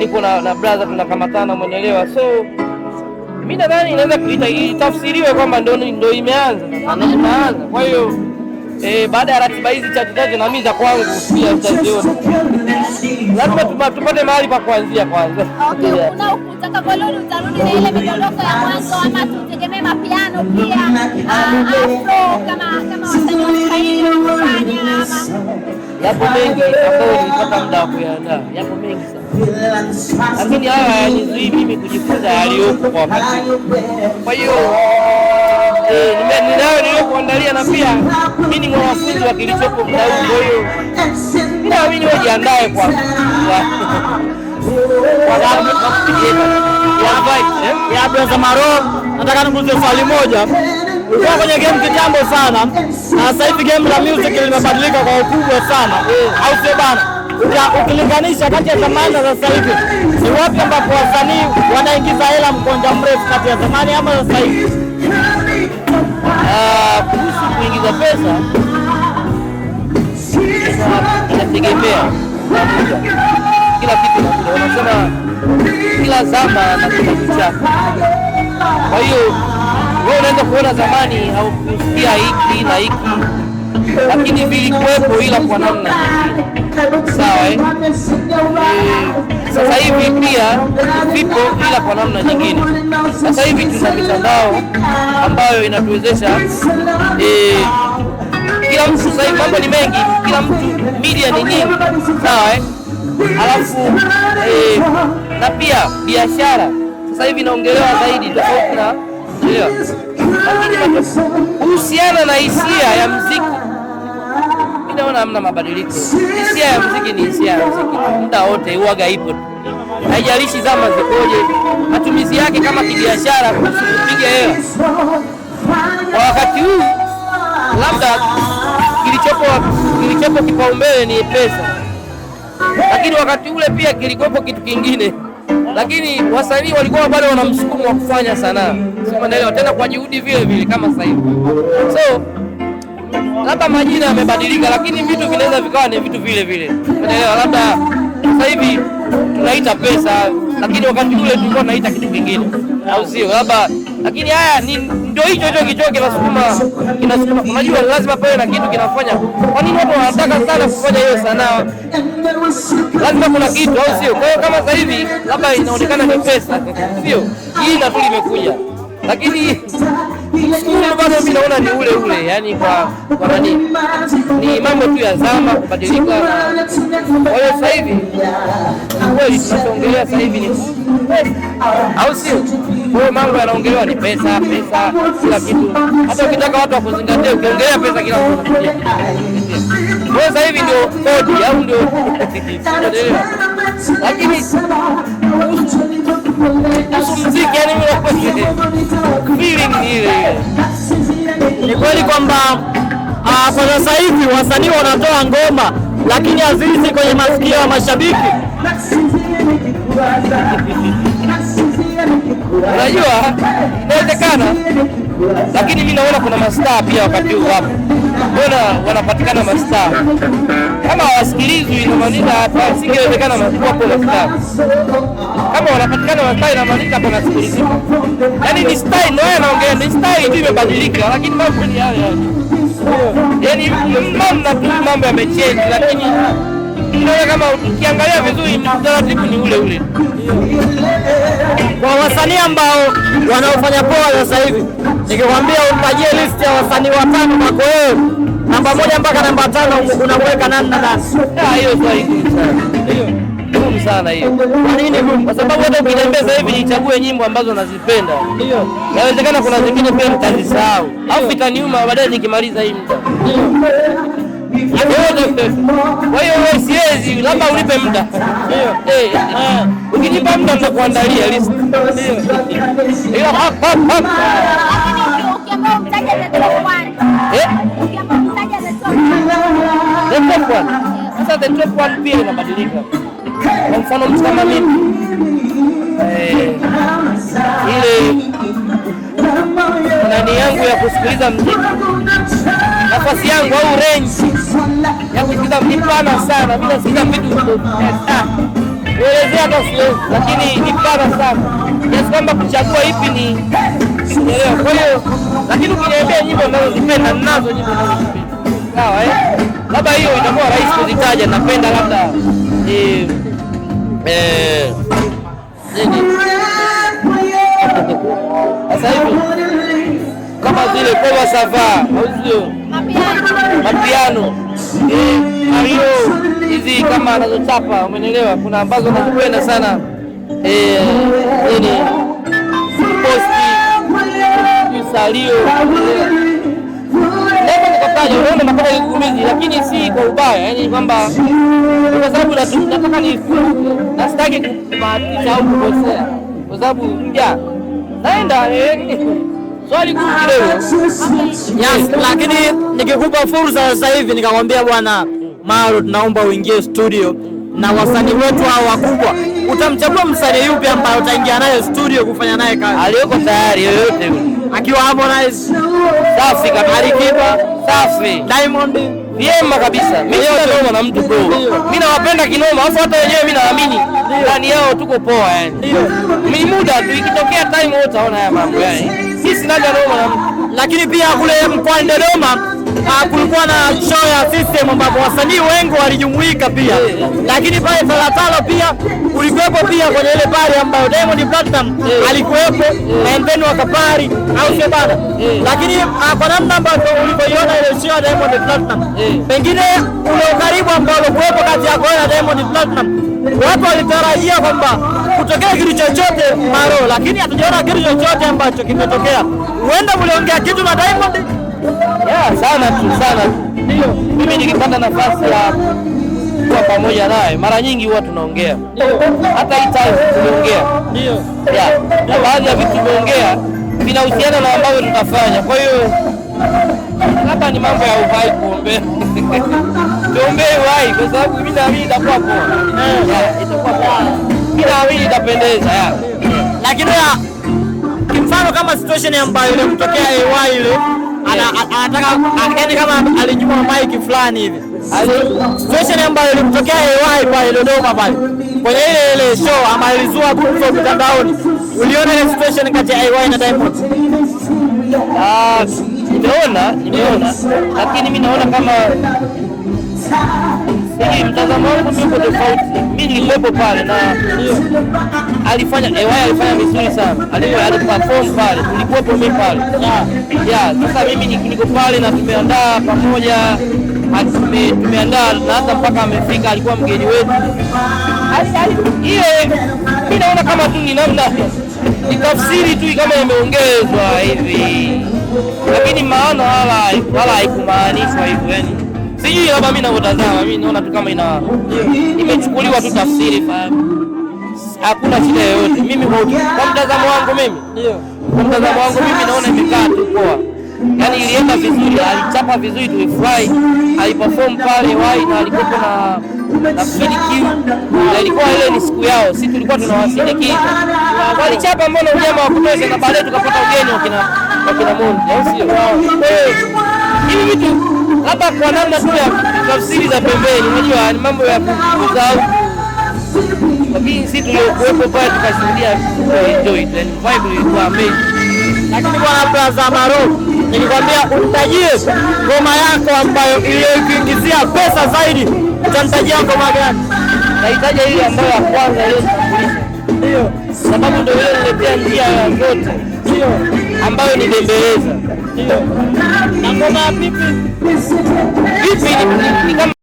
niko na, na brother tunakamatana, mwenyelewa So mi nadhani inaweza itafsiriwe kwamba ndo, ndo imeanza sasa, kwa hiyo eh, baada ya ratiba hizi chache chache na mimi za kwangu pia nitaziona. Lazima tupate mahali pa kuanzia kwanza. Okay, yeah. na ukitaka koloni utarudi na ile midondoko ya mwanzo ama tutegemee mapiano pia. Ah, Afro kama kama wasanii wanafanya ama yapo mengi ambayo nilipata muda wa kuyaandaa. Yapo mengi sana. Lakini haya hayanizuii mimi kujifunza yaliyopo kwa wakati. Kwa hiyo wao kuandalia, na pia mimi ni mwanafunzi wa kilichopo mda huu, kwa hiyo naamini wajiandae kwa abda za maro. Nataka nikuulize swali moja, ulikuwa kwenye game kitambo sana na sasa hivi game la music limebadilika kwa ukubwa sana, au sio bana? ukilinganisha kati ya zamani na sasa hivi, ni wapi ambapo wasanii wanaingiza hela mkonja mrefu kati ya zamani ama sasa hivi? Kuhusu kuingiza pesa inategemea kila kitu, nakuja wanasema kila zama na kizazi chake. Kwa hiyo wewe unaweza kuona zamani au kusikia hiki na hiki, lakini vilikuwepo, ila kwa namna sawa eh sasa hivi pia vipo, ila kwa namna nyingine. Sasa hivi tuna mitandao ambayo inatuwezesha eh, kila mtu sasa hivi mambo ni mengi, kila mtu media ni nyingi, sawa eh? Alafu eh, na pia biashara sasa hivi inaongelewa zaidi tofauti na elewa, kuhusiana na hisia ya mziki mi naona hamna mabadiliko. Hisia ya mziki ni hisia ya mziki muda wote huaga ipo haijalishi zama zikoje, matumizi yake kama kibiashara, kuhusu kupiga hela kwa wakati huu, labda kilichopo kilichopo kipaumbele ni pesa, lakini wakati ule pia kilikuwepo kitu kingine, lakini wasanii walikuwa bado wana msukumo wa kufanya sanaa, simanelewa tena kwa juhudi vile vile kama sasa hivi so labda majina yamebadilika, lakini vitu vinaweza vikawa ni vitu vile vile, unaelewa. Labda sasa hivi tunaita pesa, lakini wakati ule tulikuwa tunaita kitu kingine, au sio? Labda lakini haya ni ndio hicho hicho kichoke kinasukuma kinasukuma. Unajua lazima pawe na kitu kinafanya. Kwa nini watu wanataka sana kufanya hiyo sanaa? Lazima kuna kitu, au sio? Kwa hiyo kama sasa hivi labda inaonekana ni pesa, sio hii na tu imekuja, lakini ule bado mimi naona ni ule ule, yani kwa kwa nani, ni mambo tu ya zama kubadilika. Kwa hiyo sasa hivi kweli tunachoongelea sasa hivi ni au sio? Kwa hiyo mambo yanaongelewa ni pesa, pesa kila kitu. Hata ukitaka watu wakuzingatia, ukiongelea pesa kila mtu anakuja. Kwa hiyo sasa hivi ndio kodi au ndio lakini ni kweli kwamba ah, kwa sasa hivi wasanii wanatoa ngoma lakini haziishi kwenye masikio ya mashabiki. Unajua inawezekana, lakini mimi naona kuna mastaa pia wakati huu hapo mbona wanapatikana mastaa kama hawasikilizwi, inamaanisha hapa singewezekana kuwapo mastaa. Kama wanapatikana mastaa, inamaanisha hapa nasikilizika. Yani ni style ndio anaongea, ni style tu imebadilika, lakini mambo ni yale yale, yani mambo yamechange, lakini mnaona kama ukiangalia vizuri utaratibu ni ule ule. Kwa wasanii ambao wanaofanya poa sasa hivi, nikikwambia umpagie list ya wasanii watano kwako wewe, namba moja mpaka namba tano unamweka nani? Ah, Hiyo swali sana hiyo. Kwa nini? Kwa sababu hata ukitembea sasa hivi nichague nyimbo ambazo nazipenda, inawezekana kuna zingine pia nitazisahau au itaniuma baadaye nikimaliza hii Ndio. Kwa hiyo kazi, labda ulipe muda. Eh, eh. Ukinipa muda nitakuandalia list, ila eh? sasa the top one pia inabadilika. Kwa mfano mtu kama mimi ile ndani yangu ya kusikiliza mziki nafasi yangu au range ya yaani kusikiza ni pana sana. Mimi nasikiza vitu kuelezea ah, hata siwezi, lakini ni pana sana kiasi kwamba kuchagua ipi ni elewa. Kwa hiyo lakini ukiniambia nyimbo nazozipenda, ninazo nyimbo nazozipenda sawa, eh, labda hiyo itakuwa rahisi kuzitaja. Napenda labda eh, eh, nini sasa hivi kama zile kwa Sava au sio? mapiano eh, ario hizi kama anazochapa, umenielewa? Kuna ambazo nakupenda sana eh, ni posti salio mpaka kumizi lakini si kwa ubaya, yani kwamba kwa sababu nataka ni nasitaki kubahatisha au kukosea, kwa sababu mja naenda eh, Swali gumu kidogo. Yes, lakini nikikupa fursa sasa hivi nikamwambia bwana Maro, tunaomba uingie studio na wasanii wetu hao wakubwa, utamchagua msanii yupi ambaye utaingia naye studio kufanya naye kazi? Aliyoko tayari yoyote akiwa Harmonize, safi kabisa. Alikiba safi. Diamond vyema kabisa. Mimi sina noma na mtu bro, mimi nawapenda kinoma, afu hata wenyewe mimi naamini ndani yao tuko poa, yani Mimi muda tu, ikitokea time wote utaona haya mambo yani. Sisi sina noma na mtu, lakini pia kule mkoani Dodoma Ah, kulikuwa na show ya system ambapo wasanii wengi walijumuika pia, lakini pale Talatala pia ulikuwepo pia kwenye ile pari ambayo Diamond Platinum alikuwepo na then wakapari au sio bana, lakini ah, kwa namna ambayo ulivyoiona ile show ya Diamond Platinum, pengine ule ukaribu ambao ulikuwepo kati yako na Diamond Platinum, watu walitarajia kwamba kutokea kitu chochote maro, lakini hatujaona kitu chochote ambacho kimetokea. Huenda mliongea kitu na Diamond Yeah, sana tu sana tu. Mimi nikipata nafasi ya kuwa pamoja naye, mara nyingi huwa tunaongea, hata hii time tuliongea, yeah, na baadhi ya vitu tumeongea vinahusiana na ambavyo tutafanya. Kwa hiyo hapa ni mambo ya uhai, kuombea tuombee uhai, kwa sababu mimi naamini itakuwa poa, eh. itakuwa poa, mimi naamini itapendeza, lakini kimfano kama situation ambayo kutokea AY ile anataka yaani, kama alinyuma mic fulani hivi, situation ambayo ilimtokea AY pale Dodoma pale kwenye ile ile show, ama ilizua gumzo mtandaoni. Uliona ile situation kati ya AY na Diamond? Ah, nimeona nimeona, lakini mimi naona kama mtazamo wangu mimi tofauti. Mimi pale na alifanya eh, alifanya vizuri sana, pale, mimi pale. Sasa mimi niko pale na tumeandaa pamoja, tumeandaa na hata mpaka amefika, alikuwa mgeni wetu. Hiyo mimi naona kama tu ni namna ni tafsiri tu kama imeongezwa hivi, lakini maana wala haikumaanisha hivyo yani Sijui labda mimi ninavyotazama mimi naona tu kama ina imechukuliwa tu tafsiri fahamu. Hakuna shida yoyote. Mimi kwa mtazamo wangu mimi. Ndio. Kwa mtazamo wangu mimi naona imekaa tu poa. Yaani ilienda vizuri, alichapa vizuri tu fly, Aliperform pale wai na alikuwa na nafikiri kiu. Na ilikuwa ile ni siku yao. Sisi tulikuwa tunawasindikiza. Walichapa mbona unyama wa kutosha na baadaye tukapata ugeni wakina wakina Mungu. Au sio? Hivi vitu hapa kwa namna tu ya tafsiri za pembeni, unajua ni mambo ya au lakini sisi tuliokuwepo pale tukashuhudia, eh, enjoy then vibe ilikuwa amazing. Lakini bwana Plaza Maro, nilikwambia utajie ngoma yako ambayo iliyokuingizia pesa zaidi, utamtajia ngoma gani? naitaja ile ambayo ya kwanza ndio sababu ndio ile niletea njia ya yote, ndio ambayo ni bembeleza ndio. Na ngoma vipi? Vipi?